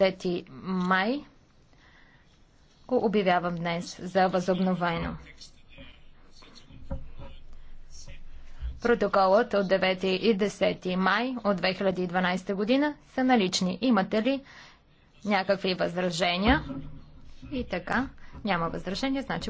10 май го обявявам днес за възобновено. Протоколът от 9 и 10 май от 2012 година са налични. Имате ли някакви възражения? И така, няма възражения, значи